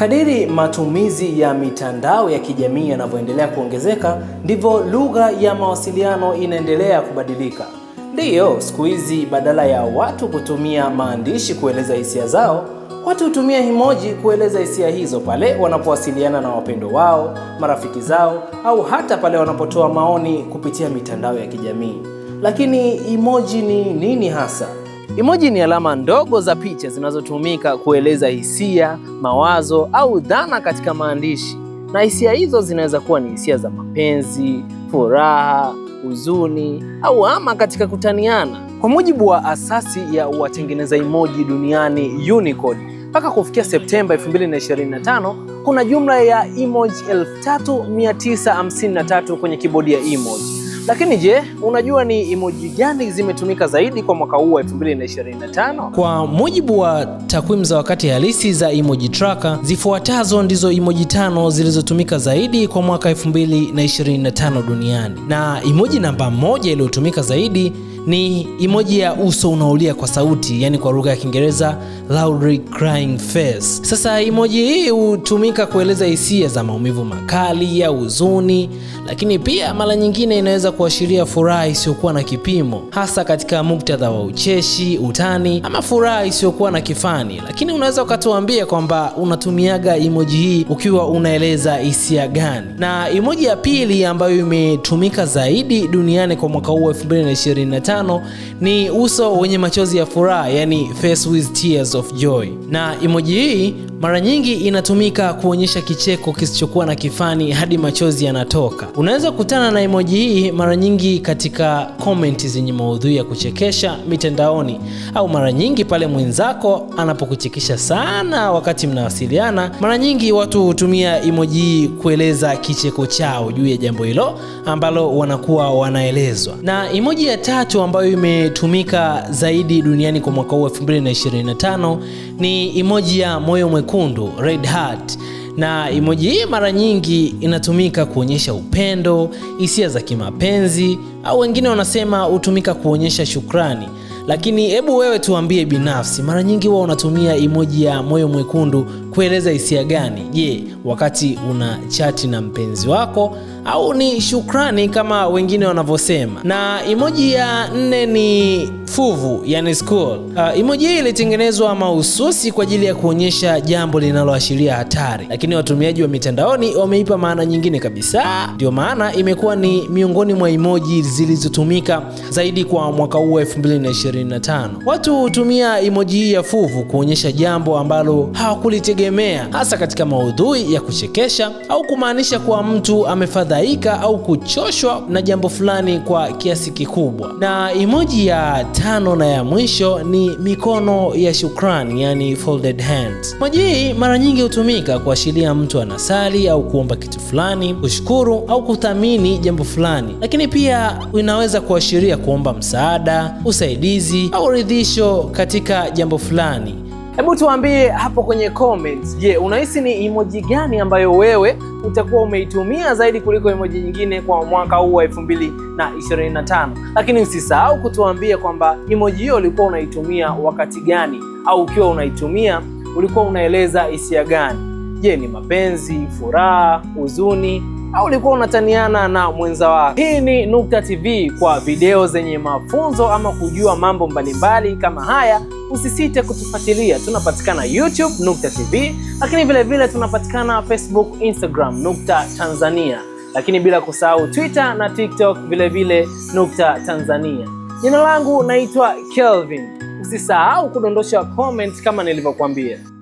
Kadiri matumizi ya mitandao ya kijamii yanavyoendelea kuongezeka, ndivyo lugha ya mawasiliano inaendelea kubadilika. Ndiyo, siku hizi badala ya watu kutumia maandishi kueleza hisia zao, watu hutumia emoji kueleza hisia hizo pale wanapowasiliana na wapendo wao, marafiki zao, au hata pale wanapotoa maoni kupitia mitandao ya kijamii. Lakini emoji ni nini hasa? Emoji ni alama ndogo za picha zinazotumika kueleza hisia, mawazo au dhana katika maandishi, na hisia hizo zinaweza kuwa ni hisia za mapenzi, furaha, huzuni au ama katika kutaniana. Kwa mujibu wa asasi ya watengeneza emoji duniani Unicode, mpaka kufikia Septemba 2025 kuna jumla ya emoji 3953 kwenye kibodi ya emoji. Lakini je, unajua ni emoji gani zimetumika zaidi kwa mwaka huu wa 2025? Kwa mujibu wa takwimu za wakati halisi za emoji tracker, zifuatazo ndizo emoji tano zilizotumika zaidi kwa mwaka 2025 duniani, na emoji namba moja iliyotumika zaidi ni emoji ya uso unaolia kwa sauti, yani kwa lugha ya Kiingereza loudly crying face. Sasa emoji hii hutumika kueleza hisia za maumivu makali ya huzuni, lakini pia mara nyingine inaweza kuashiria furaha isiyokuwa na kipimo, hasa katika muktadha wa ucheshi, utani ama furaha isiyokuwa na kifani. Lakini unaweza ukatuambia kwamba unatumiaga emoji hii ukiwa unaeleza hisia gani? Na emoji ya pili ambayo imetumika zaidi duniani kwa mwaka huu 2025 ni uso wenye machozi ya furaha, yani face with tears of joy, na emoji hii mara nyingi inatumika kuonyesha kicheko kisichokuwa na kifani hadi machozi yanatoka. Unaweza kukutana na emoji hii mara nyingi katika komenti zenye maudhui ya kuchekesha mitandaoni, au mara nyingi pale mwenzako anapokuchekesha sana wakati mnawasiliana. Mara nyingi watu hutumia emoji hii kueleza kicheko chao juu ya jambo hilo ambalo wanakuwa wanaelezwa. Na emoji ya tatu ambayo imetumika zaidi duniani kwa mwaka huu 2025 ni emoji ya moyo mwekundu red heart, na emoji hii mara nyingi inatumika kuonyesha upendo, hisia za kimapenzi, au wengine wanasema hutumika kuonyesha shukrani. Lakini hebu wewe tuambie binafsi, mara nyingi huwa unatumia emoji ya moyo mwekundu kueleza hisia gani? Je, wakati una chati na mpenzi wako, au ni shukrani kama wengine wanavyosema? Na emoji ya nne ni fuvu, yani school. Uh, ah, emoji hii ilitengenezwa mahususi kwa ajili ya kuonyesha jambo linaloashiria hatari, lakini watumiaji wa mitandaoni wameipa maana nyingine kabisa. Ndio maana imekuwa ni miongoni mwa emoji zilizotumika zaidi kwa mwaka huu 2025. Watu hutumia emoji hii ya fuvu kuonyesha jambo ambalo hawakulitegemea kujitegemea, hasa katika maudhui ya kuchekesha au kumaanisha kuwa mtu amefadhaika au kuchoshwa na jambo fulani kwa kiasi kikubwa. Na emoji ya tano na ya mwisho ni mikono ya shukrani, yani folded hands. Emoji hii mara nyingi hutumika kuashiria mtu anasali au kuomba kitu fulani, kushukuru au kuthamini jambo fulani, lakini pia inaweza kuashiria kuomba msaada, usaidizi au ridhisho katika jambo fulani. Hebu tuambie hapo kwenye comments, je, unahisi ni emoji gani ambayo wewe utakuwa umeitumia zaidi kuliko emoji nyingine kwa mwaka huu wa 2025? Lakini usisahau kutuambia kwamba emoji hiyo ulikuwa unaitumia wakati gani, au ukiwa unaitumia ulikuwa unaeleza hisia gani? Je, ni mapenzi, furaha, huzuni au ulikuwa unataniana na mwenza wako? Hii ni Nukta TV kwa video zenye mafunzo ama kujua mambo mbalimbali kama haya, usisite kutufuatilia. Tunapatikana YouTube Nukta TV, lakini vile vile tunapatikana Facebook, Instagram Nukta Tanzania, lakini bila kusahau Twitter na TikTok vile vile Nukta Tanzania. Jina langu naitwa Kelvin. Usisahau kudondosha comment kama nilivyokuambia.